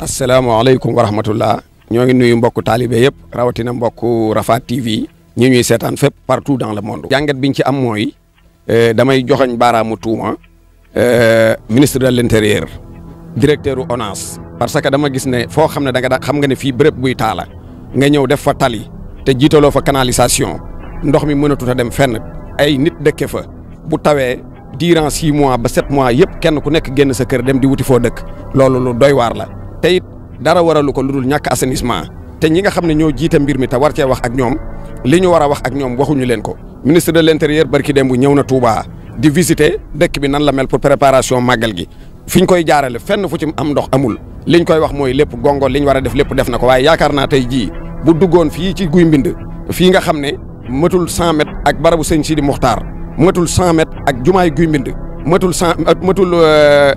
asalaamaaleykum wa rahmatullah ñoo ngi nuyu mbokku taalibe yëpp rawatina mbokku Rafah TV ñi ñuy seetaan fépp partout dans le monde. jàngat biñ ci am mooy euh, damay joxoñ baaraamu tuuma euh, ministre de l' intérieur directeur u parce que dama gis ne foo xam ne da nga xam nga ne fii bërëb buy taala nga ñëw def fa tali te jiitaloo fa canalisation ndox mi mënatut a dem fenn ay nit dëkke fa bu tawee. durant six mois ba sept mois yëpp kenn ku nekk génn sa kër dem di wuti foo dëkk loolu lu doy la te dara waralu ko ludul dul ñàkk assainissement te ñi nga xam ne ñoo jiita mbir mi te war cee wax ak ñoom li ñu war a wax ak ñoom waxuñu leen ko. ministre de l'intérieur barki bu ñëw na Touba di visiter dëkk bi nan la mel pour préparation màggal gi fi koy jaarale fenn fu ci am ndox amul liñ koy wax mooy lépp gongo liñ war a def lépp def na ko waaye yaakaar naa tey jii bu duggoon fii ci guy mbind fii nga xam ne matul 100 ak barabu sëñ Sidi Muxtaar matul 100 mètres ak jumaay guy mbind matul cent euh, euh, euh,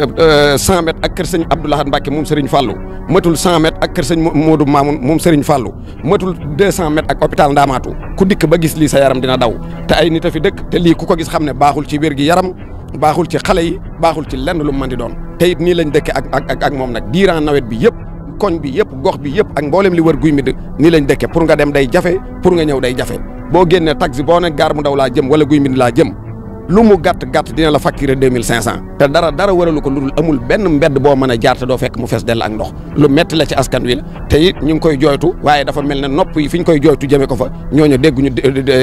matul cent mètres ak kër sëñ Abdou Lahad Mbacke moom Serigne Fallou matul cent ak kër sëñ Modou Mamoun moom Serigne Fallou matul deux cent mètres ak hôpital Ndaamaatu ku dikk ba gis lii sa yaram dina daw te ay nit a fi dëkk te lii ku ko gis xam ne baaxul ci wér gi yaram baaxul ci xale yi baaxul ci lend lu mu di doon te nii lañ dëkkee ak ak ak moom nag diiraan nawet bi yëpp. koñ bi yëpp gox bi yëpp ak mboolem li war guy mi de nii lañ dëkke pour nga dem day jafe pour nga ñëw day jafe boo génnee taxi boo ne gaar mu daw laa jëm wala guy mi laa jëm lu mu gàtt gàtt dina la facturer deux mille cinq cent te dara dara waralu ko lu dul amul benn mbedd boo mën a jaar doo fekk mu fees dell ak ndox lu metti la ci askan wi la te it ñu ngi koy jooytu waaye dafa mel na nopp yi fi ñu koy jooytu jëme ko fa ñooñu dégguñu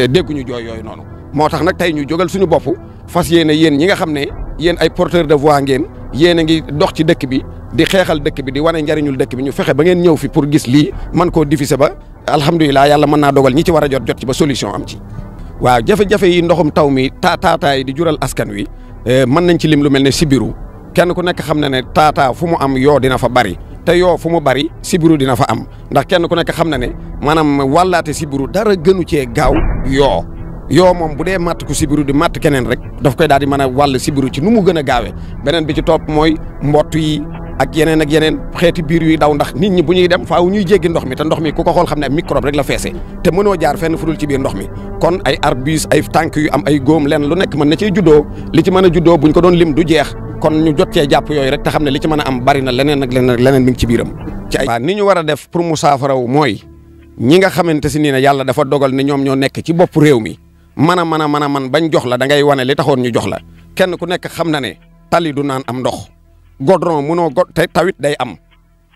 dégguñu jooy yooyu noonu moo tax nag tey ñu jogal suñu bopp fas yéene yéen ñi nga xam ne yéen ay porteur de voix ngeen yéen a ngi dox ci dëkk bi di xeexal dëkk bi di wane njariñul dëkk bi ñu fexe ba ngeen ñëw fi pour gis lii man koo diffuser ba alhamdulilah yàlla mën naa dogal ñi ci war a jot jot ci ba solution am ci waaw jafe-jafe yi ndoxum taw mi taa taataa yi di jural askan wi eh, mën nañ ci lim lu mel ne sibiru kenn ku nekk xam na ne taataa fu mu am yoo dina fa bari te yoo fu mu bari sibiru dina fa am ndax kenn ku nekk xam na ne maanaam wàllaate sibiru dara gënu cee gaaw yoo yoo moom bu dee matt ku sibiru di matt keneen rek daf koy daal di mën a wàll sibiru ci nu mu gën a gaawee beneen bi ci topp mooy mbott yi ak yeneen ak yeneen xeeti biir yuy daw ndax nit ñi bu ñuy dem faaw ñuy jéggi ndox mi te ndox mi ku ko xool xam ne ay microbe rek la feese te mënoo jaar fenn fudul ci biir ndox mi kon ay arbus ay tànk yu am ay góom leen lu nekk mën na cee juddoo li ci mën a juddoo buñ ko doon lim du jeex kon ñu jot cee jàpp yooyu rek te xam ne li ci mën a am bari na leneen ak leneen ak mi ngi ci biiram ci ay ni ñu war a def pour mu saafaraw mooy ñi nga xamante si nii ne yàlla dafa dogal ne ñoom ñoo nekk ci bopp réew mën a mën a mën a man bañ jox la da ngay wane li taxoon ñu jox la kenn ku nekk xam na ne tali du naan am ndox godron munoo god te tawit day am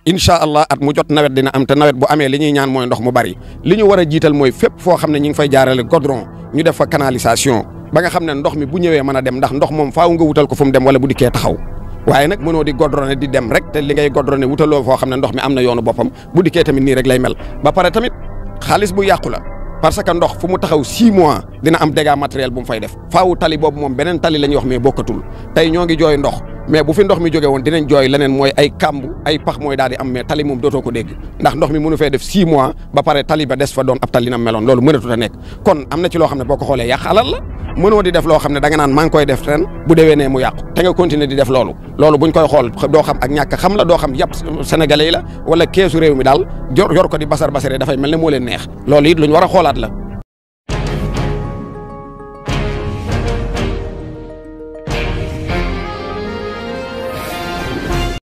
incha allah at mu jot nawet dina am te nawet bu amee li ñuy ñaan mooy ndox mu bari li ñu war a jiital mooy fépp foo xam ne ñu ngi fay jaarale godron ñu def fa canalisation ba nga xam ne ndox mi bu ñëwee mën a dem ndax ndox moom faaw nga wutal ko fu mu dem wala bu dikkee taxaw waaye nag mënoo di godrone di dem rek te li ngay godrone wutaloo foo xam ne ndox mi am na yoonu boppam bu dikkee tamit nii rek lay mel ba pare tamit xaalis yàqu la parce que ndox fu mu taxaw six mois dina am dégâts matériel bu mu fay def faawu moom beneen tali la ñuy wax mais bokkatul tey ñoo ngi jooy ndox mais bu fi ndox mi jóge woon dinañ jooy leneen mooy ay kàmb ay pax mooy daal am mais tali moom dootoo ko dégg ndax ndox mi munu fee def six mois ba pare tali ba des fa doon ab tali na meloon loolu mënatut a nekk kon am na ci loo xam ne boo ko xoolee yàq alal la mënoo di def loo xam ne da naan maa ngi koy def ren bu déwee nee mu yàqu te nga continuer di def loolu loolu buñ koy xool doo xam ak ñàkk xam la doo xam yàpp sénégalais la wala keesu réew mi daal yor ko di basar basaree dafay mel ne moo leen neex loolu it luñ war a xoolaat la